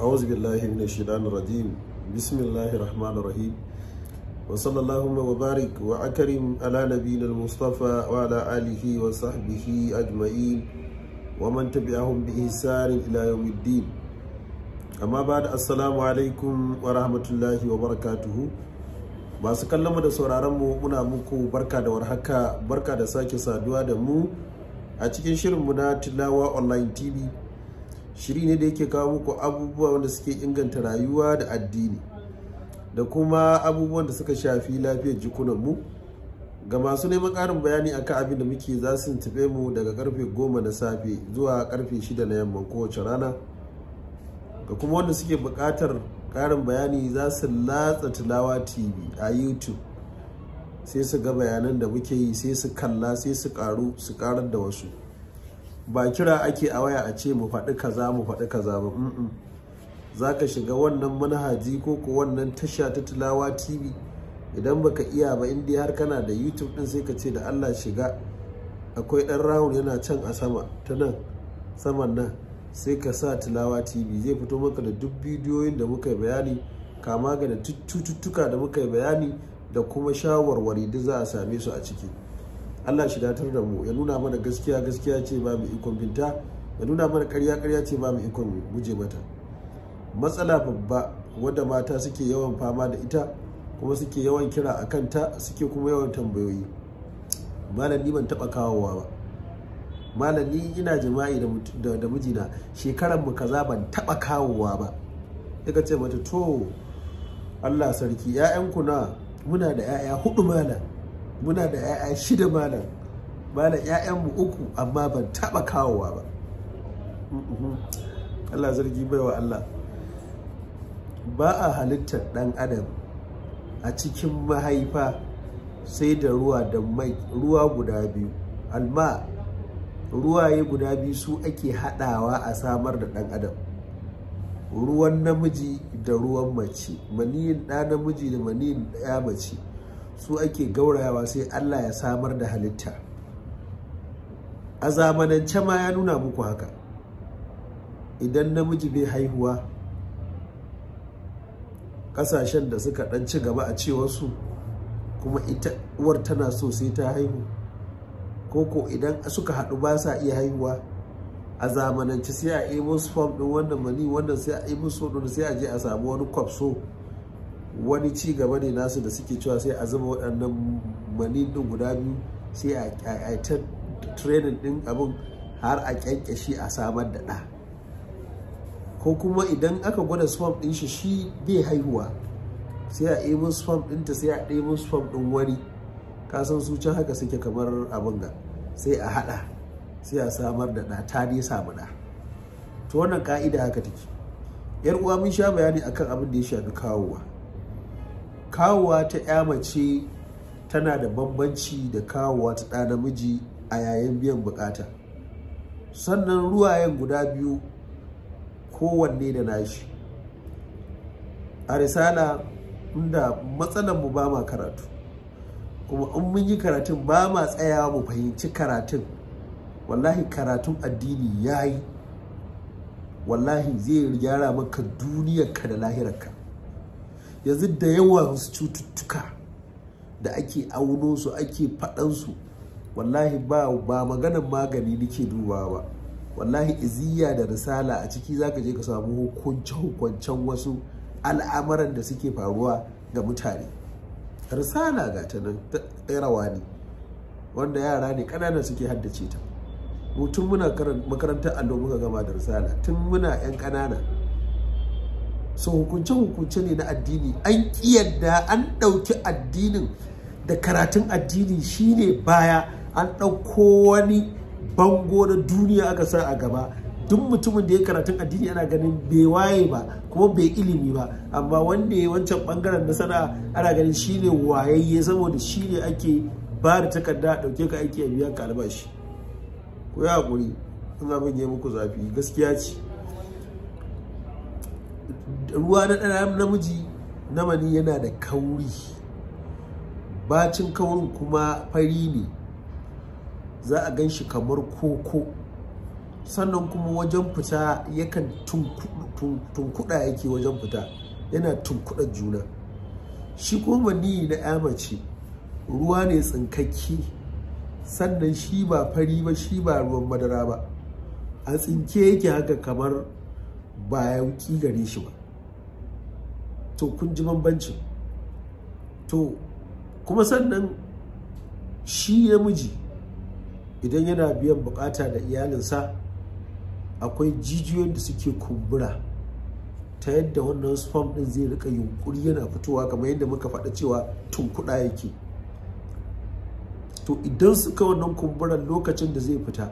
أعوذ بالله من الشيطان الرجيم بسم الله الرحمن الرحيم وصلى اللهم وبارك وأكرم على نبينا المصطفى وعلى آله وصحبه أجمعين ومن تبعهم بإحسان إلى يوم الدين da assalamu alaikum rahmatullahi wa barakatuhu masu kallonmu da mu muna muku barka da warhaka barka da sake saduwa da mu a cikin mu na tilawa online tv shiri ne da yake kawo muku abubuwa wanda suke inganta rayuwa da addini da kuma abubuwan da suka shafi lafiyar jikunanmu ga masu neman ƙarin bayani akan abin da muke za su tafe mu daga karfe goma na safe zuwa karfe 6 na yamma kowace rana ga kuma wanda suke buƙatar ƙarin bayani za su latsa tilawa tv a youtube sai su ga bayanan da muke yi sai su kalla sai su karu su karar da wasu ba kira ake a waya a ce mu faɗi kaza mu faɗi kaza ba za ka shiga wannan manhaji ko ko wannan tasha ta tilawa tv idan baka iya ba indiya har kana da youtube ɗin sai ka ce da allah shiga akwai ɗan rahun yana can a sama ta nan saman nan sai ka sa tilawa tv zai fito maka da duk bidiyoyin da muka bayani kama ga da cututtuka da muka yi bayani da kuma shawarwari duk za a same su a ciki Allah shi datar da mu ya nuna mana gaskiya gaskiya ce ba ikon binta ya nuna mana karya karya ce ba ikon guje mata matsala babba wadda mata suke yawan fama da ita kuma suke yawan kira a kanta suke kuma yawan tambayoyi malami ban taba kawowa ba malami ina jima'i da mijina shekaran mu kaza ban taba kawowa ba ya ce mata to Allah sarki 'ya'yanku na muna da 'ya'ya hudu malam muna da 'ya'ya shida malam malam 'ya'yanmu uku amma ban taɓa kawowa ba Allah zargi wa Allah ba a halittar ɗan adam a cikin mahaifa sai da ruwa da mai ruwa guda biyu alma ruwaye guda biyu su ake haɗawa a samar da ɗan adam ruwan namiji da ruwan mace maniyin ɗa namiji da maniyin ɗaya mace su ake gaurayawa sai Allah ya samar da halitta a zamanance ma ya nuna muku haka idan namiji bai haihuwa kasashen da suka ɗan ci gaba a cewarsu kuma ita uwar tana so sai ta haihu koko idan suka haɗu ba sa iya haihuwa a zamanance sai a ebo musu fom ɗin wannan mani wannan sai a yi musu sai a je a samu wani kwafso wani ci gaba ne nasu da suke cewa sai a zama waɗannan mani din guda biyu sai a ta training din abin har a kyankyashi a samar da ɗa ko kuma idan aka gwada swamp ɗin shi shi bai haihuwa sai a ɗebo swamp ɗinta sai a ɗebo swamp ɗin wani kasan su can haka suke kamar abin ga sai a haɗa sai a samar da ɗa ta ne samu ɗa to wannan ka'ida haka take yar uwa mun sha bayani akan abin da ya shafi kawowa kawowa ta ya mace tana da bambanci da kawowa ta ɗa namiji a yayin biyan bukata sannan ruwayen guda biyu kowanne da nashi a risala inda matsalan mu ba ma karatu kuma in mun yi karatun ba ma tsayawa mu fahimci karatun wallahi karatun addini ya yi wallahi zai gyara maka duniyarka da lahirarka yanzu da yawan cututtuka da ake auno su ake su wallahi ba ba maganan magani nake duba ba wallahi iziya da risala a ciki zaka je ka samu hukunce hukuncen wasu al'amuran da suke faruwa ga mutane risala ga ta nan rawa ne wanda yara ne ƙanana suke haddace ta mutum muna makarantar allo muka gama da risala tun muna 'yan ƙanana so hukunce hukunce ne na addini an kiyarda an ɗauki addinin da karatun addini shine baya an ɗauko wani bango na duniya aka sa a gaba duk mutumin da ya karatun addini ana ganin bai waye ba kuma bai ilimi ba amma wanda ya wancan bangaren na sana'a ana ganin shine wayayye saboda shine ake ba da takarda ɗauke ka aiki a biyan ka albashi ku yi haƙuri in abin ya muku zafi gaskiya ce ruwa na ɗan namiji na mani yana da kauri bacin kaurin kuma fari ne za a gan shi kamar koko sannan kuma wajen fita yakan tunkuɗa yake wajen fita yana tunkuɗa juna shi kuma mani na ya mace ruwa ne tsinkakke sannan shi ba fari ba shi ba ruwan madara ba a tsinke yake haka kamar bayan ƙi gare shi ba to kun ji bambancin to kuma sannan shi namiji idan yana biyan bukata da iyalinsa akwai jijiyoyin da suke kumbura ta yadda wannan sperm din zai rika yunkuri yana fitowa kamar yadda muka faɗa cewa tun tunkuɗa yake to idan suka wannan kumburan lokacin da zai fita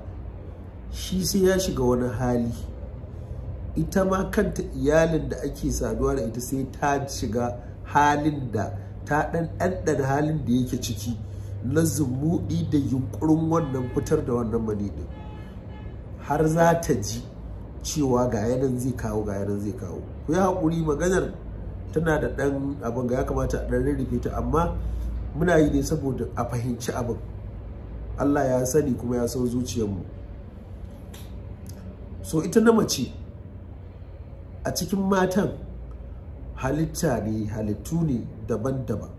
shi sai ya shiga wani hali ita ma kanta iyalin da ake saduwa da ita sai ta shiga halin da ta dan ɗanɗana halin da yake ciki na zumuɗi da yunkurin wannan fitar da wannan mani har za ta ji cewa ga yanan zai kawo ga yanan zai kawo ku yi haƙuri maganar tana da ɗan abin ga ya kamata a ɗan rarrafe ta amma muna yi ne saboda a fahimci abin Allah ya sani kuma ya san zuciyarmu so ita na mace a cikin matan halitta ne halittu ne daban-daban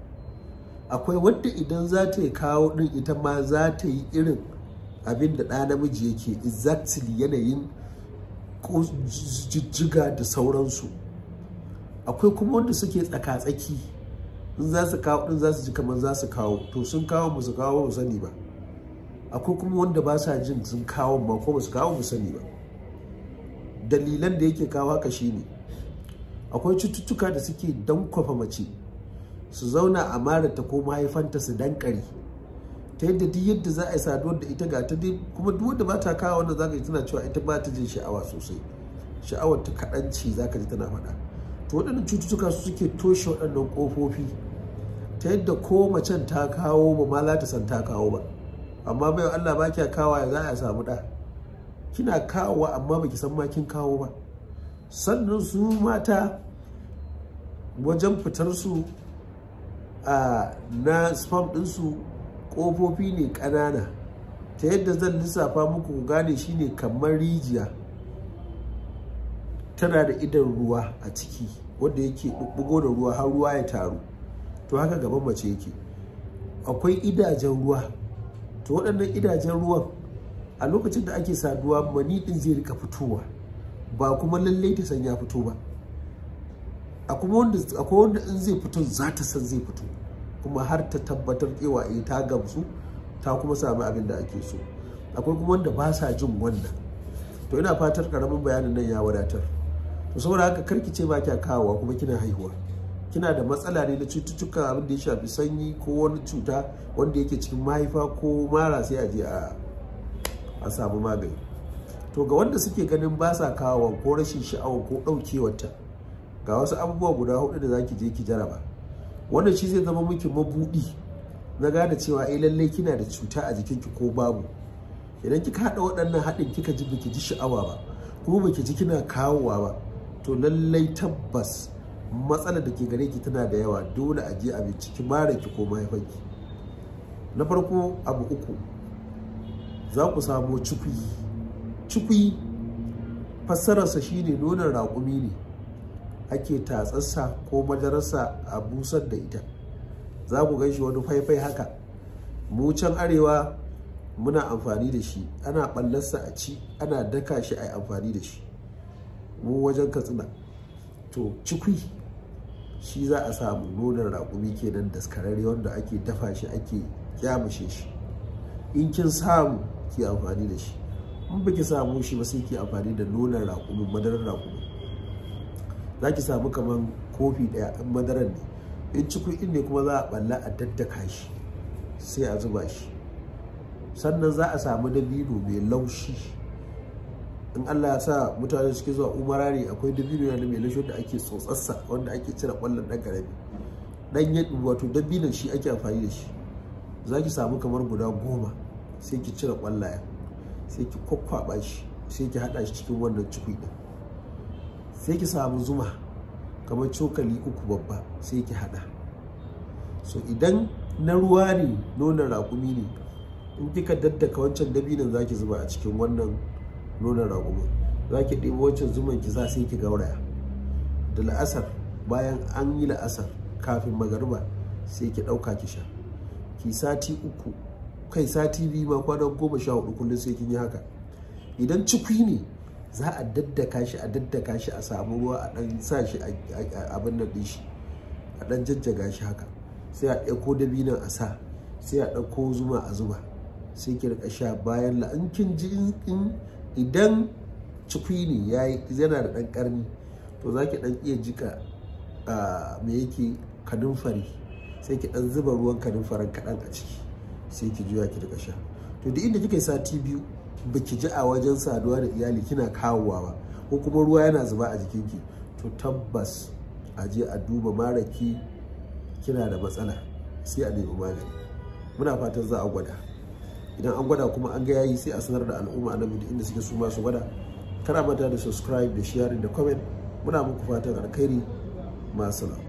akwai wadda idan za ta yi kawo ɗin ita ma za ta yi irin abin da ɗa namiji yake exactly yanayin ko jijjiga da sauransu akwai kuma wanda suke tsaka-tsaki in za su kawo ɗin za su ji kamar za su kawo to sun kawo ba su kawo ba sani ba akwai kuma wanda ba sa jin sun kawo ba ko ba su kawo ba sani ba dalilan da yake kawo haka shine akwai cututtuka da suke dankwafa mace su zauna a ta ko mahaifanta su dankari ta yadda duk yadda za a yi saduwar da ita ga ta dai kuma duk wanda ba ta kawo wanda za ka ji tana cewa ita ba ta jin sha'awa sosai sha'awar ta kaɗan ce za ka ji tana faɗa to waɗannan cututtuka su suke toshe waɗannan ƙofofi ta yadda ko macen ta kawo ba ma za ta san ta kawo ba amma bai Allah ba kya kawo ya za a samu ɗa kina kawowa amma baki san ma kin kawo ba sannan su mata wajen fitar su a na spam su kofofi ne kanana ta yadda zan lissafa muku gane shine kamar rijiya tana da idan ruwa a ciki wanda yake bugo da ruwa har ruwa ya taru to haka gaban mace yake akwai idajen ruwa to waɗannan idajen ruwan a lokacin da ake saduwa mani din zai rika fitowa ba kuma lallai ta san ya fito ba A akwai wanda in zai fito za ta san zai fito kuma har ta tabbatar cewa eh ta gamsu ta kuma sami abin da ake so akwai kuma wanda ba sa jin wannan to ina fatar karamin bayanin nan ya wadatar to saboda haka kar ki ce ba kya kawowa kuma kina haihuwa kina da matsala ne na cututtuka abin da ya shafi sanyi ko wani cuta wanda yake cikin mahaifa ko mara sai a je a a samu magani to ga wanda suke ganin ba sa kawo ko rashin sha'awa ko ɗaukewarta ga wasu abubuwa guda hudu da zaki je ki jaraba Wanda shi zai zama miki mabudi na gane cewa eh lalle kina da cuta a jikinki ko babu idan kika hada waɗannan haɗin kika ji biki ji sha'awa ba kuma biki ji kina kawowa ba to lallai tabbas matsalar da ke gare ki tana da yawa dole a je a binciki mara ki ko mahaifanki na farko abu uku za ku samo cikwi cikwi fassararsa shine nonon raƙumi ne ake tatsarsa ko madararsa a busar da ita za ku gan wani faifai haka mu can arewa muna amfani da shi ana ɓallarsa a ci ana daka shi a amfani da shi mu wajen katsina to cikwi shi za a samu nonon raƙumi kenan daskararre wanda ake dafa shi ake kyamushe shi in kin samu ke amfani da shi in ba ki samu shi ba sai ki amfani da nonon raƙumi madarar raƙumi za ki samu kamar kofi ɗaya in madarar ne in kuɗi ne kuma za a balla a daddaka shi sai a zuba shi sannan za a samu dabino mai laushi in Allah ya sa mutane suke zuwa umara ne akwai dabino yana mai laushi wanda ake tsotsarsa wanda ake cire ƙwallon ɗan ƙarami ɗan wato dabinon shi ake amfani da shi za ki samu kamar guda goma sai ki cire kwallaye sai ki kwakwaba shi sai ki hada shi cikin wannan cikin din sai ki samu zuma kamar cokali uku babba sai ki hada so idan na ruwa ne nonon raƙumi ne in kika daddaka wancan dabinin zaki zuba a cikin wannan nonon raƙumi zaki ɗebo wancan zuman ki za sai ki gauraya da la'asar bayan an yi la'asar kafin magariba sai ki ɗauka ki sha ki sati uku kai sati biyu ba kwana goma sha hudu kullum sai kin yi haka idan cikwi ne za a daddaka shi a daddaka shi a samu ruwa a dan sa shi abin nan din shi a dan jajjaga shi haka sai a ɗauko dabinan a sa sai a ɗauko zuma a zuba sai ki rika sha bayan la'ankin kin idan cikwi ne yayi yana da dan karni to za ki dan iya jika ah, me yake kanunfari sai ki dan zuba ruwan kanunfarin kaɗan a ciki sai ki juya ki rika sha to da inda kika sati biyu baki ji a wajen saduwa da iyali kina kawowa ba ko kuma ruwa yana zuba a jikinki to tabbas a je a duba maraki kina da matsala sai a nemi magani muna fatan za a gwada idan an gwada kuma an ga yayi sai a sanar da al'umma na duk inda suke su ma su gwada kana mata da subscribe da sharing da comment muna muku fatan alkhairi masu